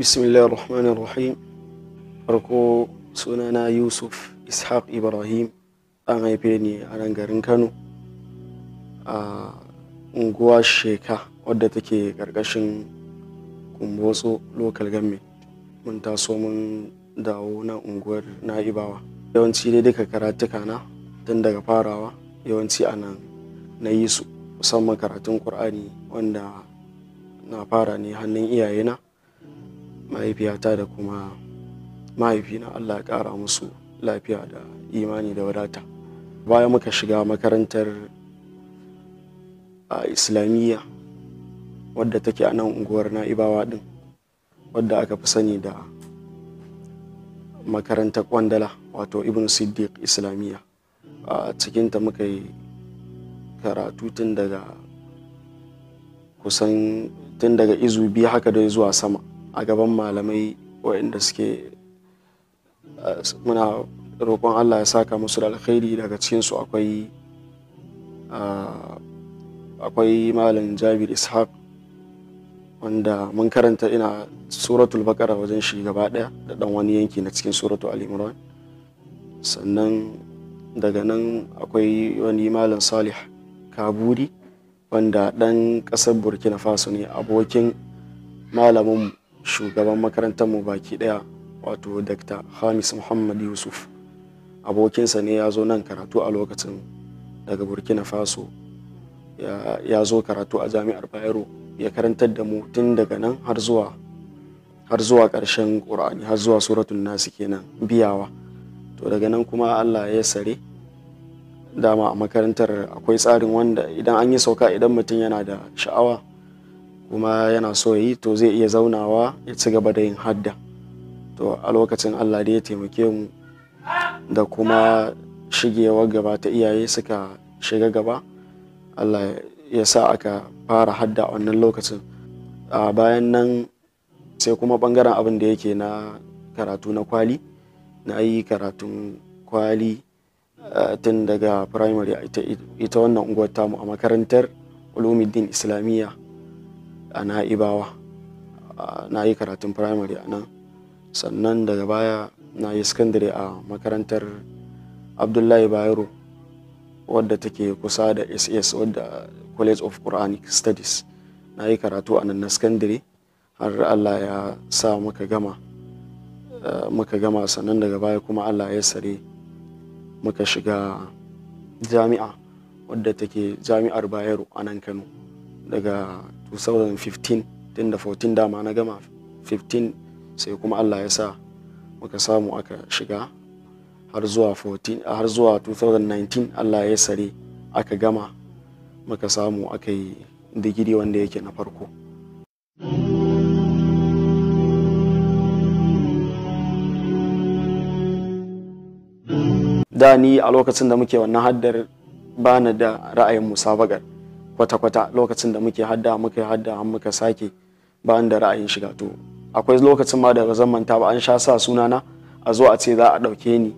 bismillah rahim farko sunana yusuf ishaq ibrahim an ni a nan garin kano a unguwa sheka wadda take karkashin kumbotso local government mun taso mun dawo na unguwar na'ibawa yawanci dai duka karatuka tun daga farawa yawanci a nan na yi su musamman karatun ƙur'ani wanda na fara ne hannun iyayena mahaifiyata da kuma mahaifina Allah ya ƙara musu lafiya da imani da wadata bayan muka shiga makarantar a islamiyya wadda take a nan unguwar na'ibawa din wadda aka fi sani da makarantar kwandala wato ibn siddiq islamiyya a cikinta muka yi karatu tun daga kusan tun daga izu biyu haka dai zuwa sama a gaban malamai waɗanda suke muna roƙon Allah ya saka musu da alkhairi daga cikinsu akwai akwai malam jabir ishaq wanda mun karanta ina suratul bakara wajen shi gaba ɗaya da ɗan wani yanki na cikin suratul al-imran sannan daga nan akwai wani malam salih kaburi wanda ɗan ƙasar burkina faso ne abokin malamin shugaban makarantar mu baki daya wato Dr. Hamis Muhammad Yusuf abokinsa ne ya zo nan karatu a lokacin daga Burkina Faso ya zo karatu a jami'ar Bayero ya karantar da mu tun daga nan har zuwa karshen zuwa ƙur'ani har zuwa suratun nasu kenan biyawa to daga nan kuma Allah ya sare dama a makarantar akwai tsarin wanda idan an yi sauka idan mutum yana da sha'awa kuma yana so yi to zai iya zaunawa ya ci gaba da yin hadda to a lokacin allah da ya taimake mu da kuma shigewar gaba ta iyaye suka shiga gaba allah ya sa aka fara hadda a wannan lokacin a bayan nan sai kuma bangaren abin da yake na karatu na kwali na yi karatun kwali tun daga primary ita wannan unguwar tamu a makarantar ulumiddin islamiyya a na'ibawa na yi karatun firamare a nan sannan daga baya na yi sakandare a makarantar abdullahi bayero wadda take kusa da ss wadda college of quranic studies na yi karatu a nan na secondary har allah ya sa muka gama eh, muka gama sannan daga baya kuma allah ya sare muka shiga jami'a wadda take jami'ar bayero a nan kano daga 2015 tun da 14 dama na gama 15 sai kuma allah ya sa muka samu aka shiga har zuwa 14 har zuwa 2019 allah ya sare aka gama muka samu aka yi digiri wanda yake na farko da ni a lokacin da muke wannan haddar bana da ra'ayin musabagar kwata-kwata lokacin da muke hadda muka hadda an muka sake ba da ra'ayin shiga to akwai lokacin ma da ba zan manta ba an sha sa sunana a zo a ce za a ɗauke ni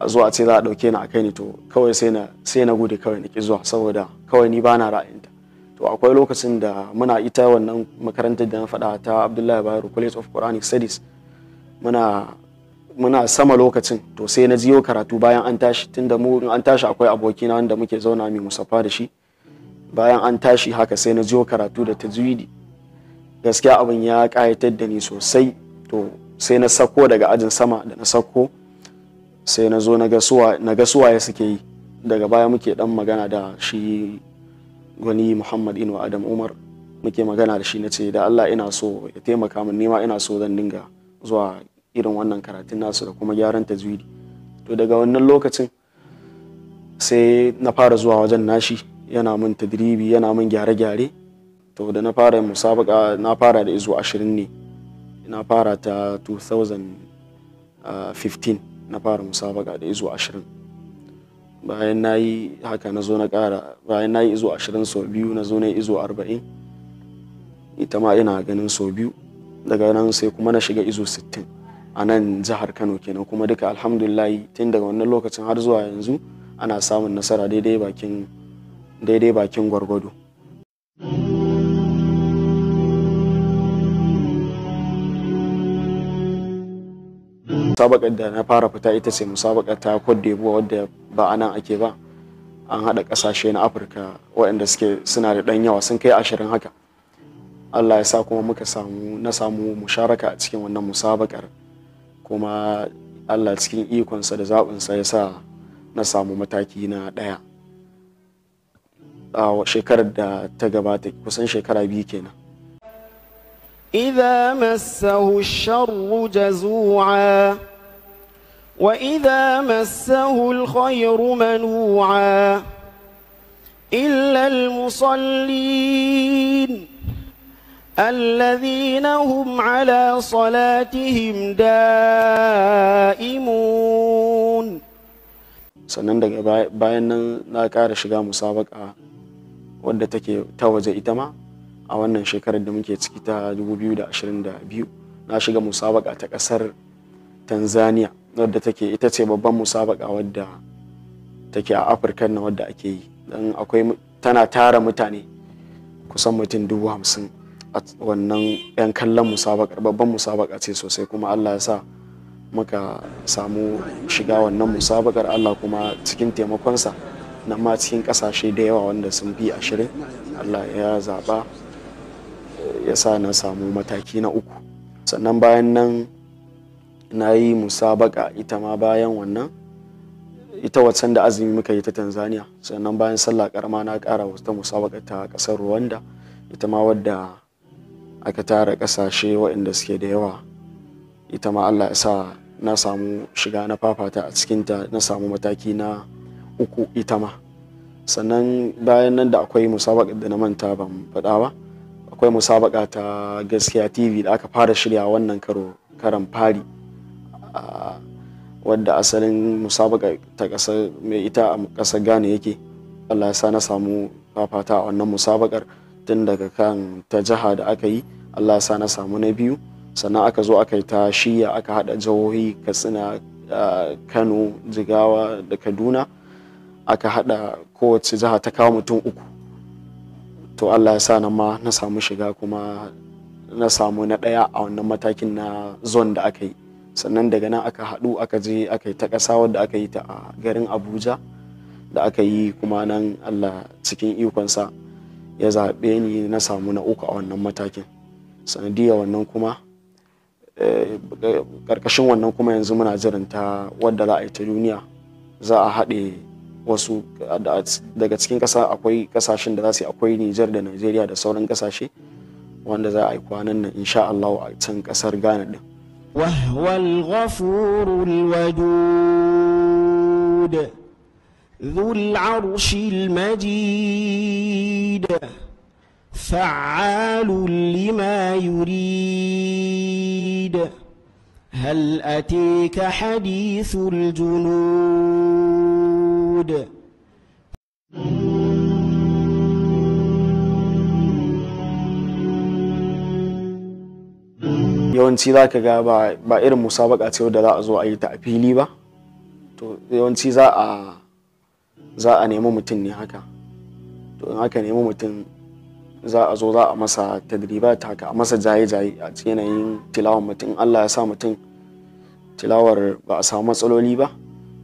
a zo a ce za a ɗauke ni a kai ni to kawai sai na sai na gude kawai na ki zuwa saboda kawai ni bana ra'ayinta to akwai lokacin da muna ita wannan makarantar da na faɗa ta Abdullahi Bayero College of Quranic Studies muna muna sama lokacin to sai na jiyo karatu bayan an tashi tunda mu an tashi akwai abokina wanda muke zauna mai musafa da shi bayan an tashi haka sai na jiyo karatu da tajwidi gaskiya abin ya kayatar da ni sosai to sai na sako daga ajin sama da na sako sai na zo na ga suwaye suke yi daga baya muke dan magana da shi gwani muhammad inu adam umar muke magana da shi na ce da allah ina so ya taimaka min nema ina so zan dinga zuwa irin wannan karatun nasu da kuma gyaran tajwidi to daga wannan lokacin sai na fara zuwa wajen nashi yana min tadribi yana min gyare-gyare to da na fara musabaka na fara da izo 20 ne na fara ta 2015 na fara musabaka da izo 20 bayan na yi haka na zo na kara bayan na yi izo 20 sau biyu na zo na izo 40 ita ma ina ganin sau biyu daga nan sai kuma na shiga izo 60 a nan jihar kano kenan kuma duka alhamdulillah tun daga wannan lokacin har zuwa yanzu ana samun nasara daidai bakin daidai bakin gwargwado. musabakar da na fara fita ita ce musabakar ta Cote wadda ba a nan ake ba an haɗa ƙasashe na afirka waɗanda suke suna da ɗan yawa sun kai ashirin haka allah ya sa kuma muka samu na samu musharaka a cikin wannan musabakar kuma allah cikin ikonsa da zaɓinsa ya sa na samu mataki na ɗaya shekarar da ta gabata kusan إذا مسه الشر جزوعا وإذا مسه الخير منوعا إلا المصلين الذين هم على صلاتهم دائمون سنندق باين نقارش غام مسابقة wadda take ta waje ita ma a wannan shekarar da muke ciki ta 2022 na shiga musabaka ta kasar tanzania wadda take ita ce babban musabaka wadda take a afirka na wadda ake yi don akwai tana tara mutane kusan mutum dubu hamsin a wannan 'yan kallon musabakar babban musabaka ce sosai kuma allah ya sa muka samu shiga wannan musabakar allah kuma cikin taimakonsa na ma cikin kasashe da yawa wanda sun fi ashirin allah ya zaba ya sa na samu mataki na uku sannan bayan nan na yi musabaka ita ma bayan wannan ita waccan da azumi muka yi ta tanzania sannan bayan sallah karama na kara wata musabaka ta kasar rwanda ita ma wadda aka tara kasashe waɗanda suke da yawa ita ma allah ya sa na samu shiga na fafata a cikinta na samu mataki na uku ita ma sannan bayan nan da akwai musabaka da na manta ban faɗa ba akwai musabaka ta gaskiya tv da aka fara shirya wannan karo karan fari wadda asalin musabaka ta kasa mai ita a ƙasar ghana yake allah ya sa na samu fafata a wannan musabakar tun daga kan ta jiha da aka yi allah ya sa na samu na biyu sannan aka zo aka yi ta shiya aka haɗa jihohi katsina kano jigawa da kaduna aka hada kowace jiha ta kawo mutum uku to allah ya sa na ma na samu shiga kuma na samu na ɗaya a wannan matakin na zon da aka yi sannan daga nan aka haɗu aka je aka yi ta kasa wadda aka yi ta a garin abuja da aka yi kuma nan allah cikin ikonsa ya zaɓe ni na samu na uku a wannan matakin sanadiyar wannan kuma karkashin eh, wannan kuma yanzu muna jiran ta wadda za a yi ta duniya za a haɗe wasu daga cikin ƙasa akwai ƙasashen da za su akwai Nijar da Najeriya da sauran ƙasashe wanda za a yi kwanan nan insha Allah a can ƙasar Ghana din. Wahwal ghafurul wadud ذو arshil majid فعال لما يريد هل أتيك حديث الجنود داود yawanci za ka ga ba irin musabaka ce da za a zo a yi ta a fili ba to yawanci za a nemi mutum ne haka to in haka nemi mutum za a zo za a masa ta haka a masa jaye-jaye a yanayin tilawar mutum allah ya sa mutum tilawar ba a samu matsaloli ba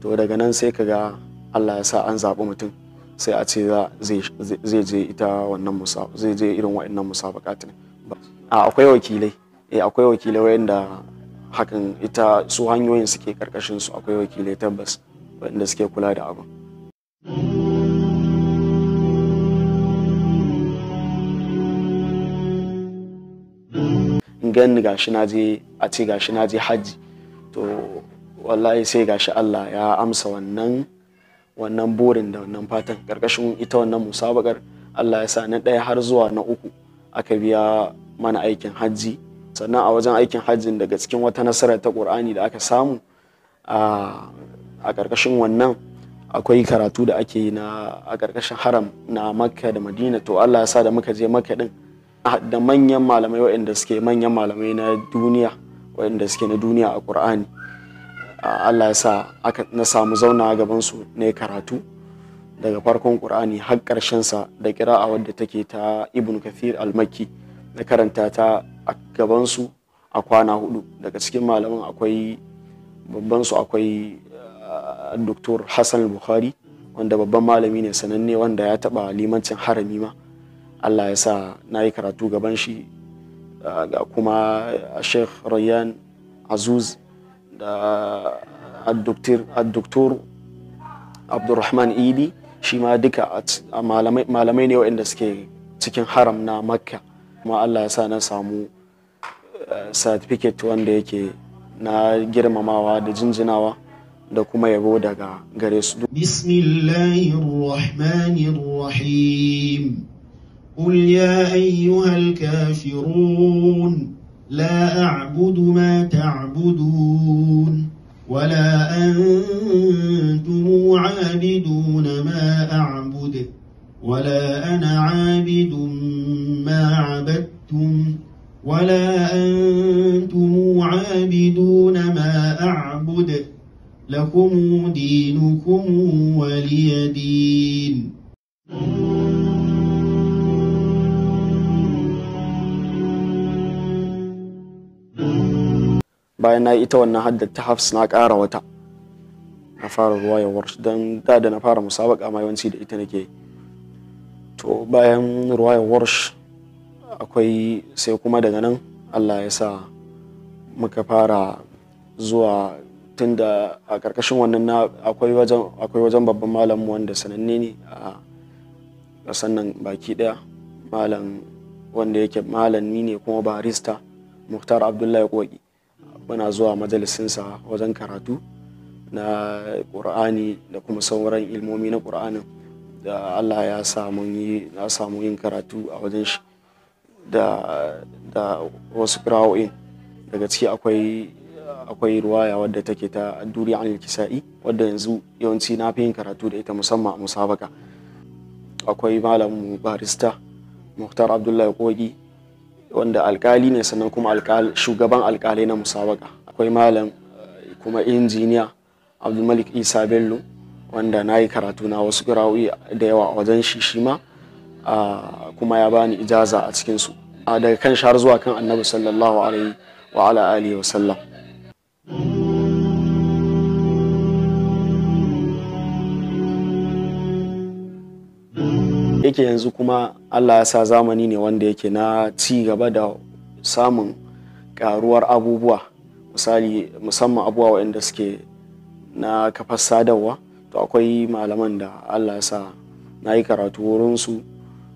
to daga nan sai ka ga Allah ya sa an zaɓi mutum sai a ce zai je ita wannan zai je irin wa'annan a akwai wakilai eh akwai wakilai wanda hakan ita su hanyoyin suke karkashin su akwai wakilai tabbas wanda suke kula da In gan gashi na je a ce gashi na je hajji to wallahi sai gashi Allah ya amsa wannan wannan burin da wannan fatan ƙarƙashin ita wannan musabakar Allah ya sa na ɗaya har zuwa na uku aka biya mana aikin hajji sannan a wajen aikin hajjin daga cikin wata nasara ta ƙur'ani da aka samu a ƙarƙashin wannan akwai karatu da ake yi a ƙarƙashin haram na makka da madina to Allah ya sa da muka je makka din da manyan malamai waɗanda suke manyan malamai na duniya waɗanda suke na duniya a ƙur'ani Allah ya sa na samu zauna gaban su na karatu daga farkon Qur'ani har ƙarshen sa da kira'a wadda take ta Ibn Kathir al-Makki na karanta ta a gaban su a kwana hudu daga cikin malaman akwai babban su akwai uh, Dr. Hassan Bukhari wanda babban malami ne sananne wanda ya taba limancin harami ma Allah ya sa na yi karatu gaban shi uh, ga kuma Sheikh Rayyan Azuz الدكتور عبد الرحمن ايدي shi ma duka malamai ne waɗanda suke cikin haram na makka kuma allah ya sa na samu certificate wanda yake na girmamawa da jinjinawa da kuma yabo daga gare su bismillahirrahmanirrahim قل ayyuhal أيها لا أعبد ما تعبدون ولا أنتم عابدون ما أعبد ولا أنا عابد ما عبدتم ولا أنتم عابدون ما أعبد لكم دينكم ولي دين bayan na ita wannan haddar ta hafs na ƙara wata na fara ruwa ya warsh don da da na fara musabaka ma yawanci da ita nake to bayan ruwa ya warsh akwai sai kuma daga nan allah ya sa muka fara zuwa tun da a ƙarƙashin wannan na akwai wajen babban malam wanda sananne ne a ƙasan nan baki ɗaya malam wanda yake malami ne kuma barista muhtar abdullahi koki muna zuwa majalisinsa wajen karatu na ƙur'ani da kuma sauran ilmomi na ƙur'ani da allah ya samu yin karatu a wajen shi da wasu kira'o'in daga ciki akwai akwai ruwaya wadda take ta duri an kisa'i wadda yanzu yawanci na fi yin karatu da ita musamman a musabaka akwai malamin barista muhtar abdullahi kogi wanda alkali ne sannan kuma shugaban alkali na musabaka akwai malam eh, kuma injiniya abdulmalik isa bello wanda na yi karatu na wasu girawi da yawa wajen shi shi ma ah, kuma ya bani ijaza a cikinsu ah, daga kan shahar zuwa kan annabi sallallahu alaihi wa ala alihi yake yanzu kuma allah ya sa zamani ne wanda yake na ci gaba da samun karuwar abubuwa misali musamman abubuwa waɗanda suke na kafar sadarwa to akwai malaman da allah ya sa na yi karatu wurinsu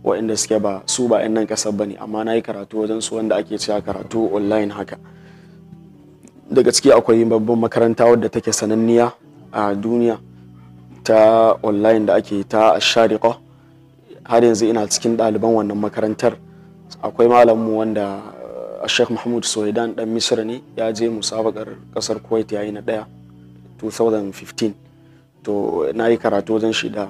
waɗanda suke ba su ba nan ƙasar ba ne amma na yi karatu wajen su wanda ake cewa karatu online haka daga ciki akwai babban makaranta wadda take sananniya a duniya ta online da ake ta shariƙa har yanzu ina cikin ɗaliban wannan makarantar akwai mu wanda eh, sheikh mahmud soidan dan misra ne ya je musabakar kasar kuwait yayi na ɗaya 2015 to na yi karatu wajen shi da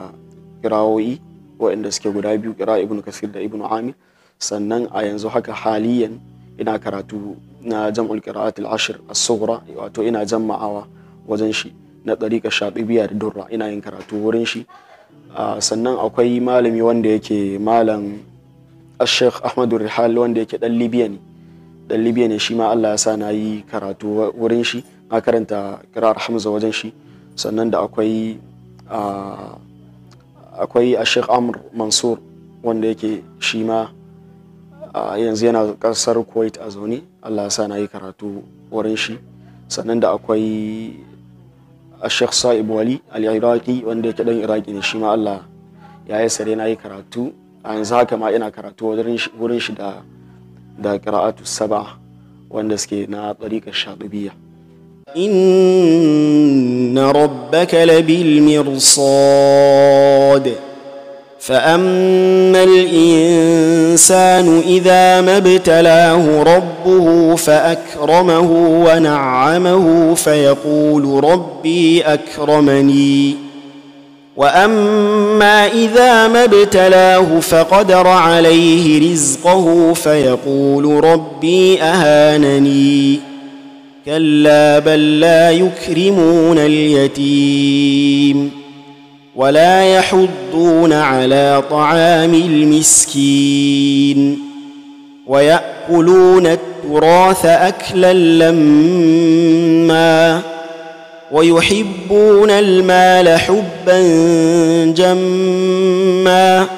kirawoyi waɗanda suke guda biyu kira Ibn kasir da Ibn amir sannan a yanzu haka haliyan ina karatu na jam'ul al ashir as-sughra wato ina jama'awa wajen shi na ɗariƙa shaɗibiya da durra ina yin karatu wurin shi sannan akwai malami wanda yake malam ashek ahmadu rihal wanda yake dan libya ne dan libya ne shi ma allah ya sa na yi karatu wurin shi na karanta kira hamza wajen shi sannan da akwai akwai ashek amr mansur wanda yake shi ma yanzu yana kasar kuwait a zaune allah ya sa na yi karatu wurin shi sannan da akwai Sheikh Sa'ib Wali al-Iraqi wanda yake dan Iraki ne shi ma Allah ya yi sare na yi karatu a yanzu haka ma ina karatu wurin shi da da qira'atu saba wanda suke na tariqar shadubiyya inna rabbaka labil mirsad فاما الانسان اذا ما ابتلاه ربه فاكرمه ونعمه فيقول ربي اكرمني واما اذا ما ابتلاه فقدر عليه رزقه فيقول ربي اهانني كلا بل لا يكرمون اليتيم ولا يحضون على طعام المسكين ويأكلون التراث أكلا لما ويحبون المال حبا جمّا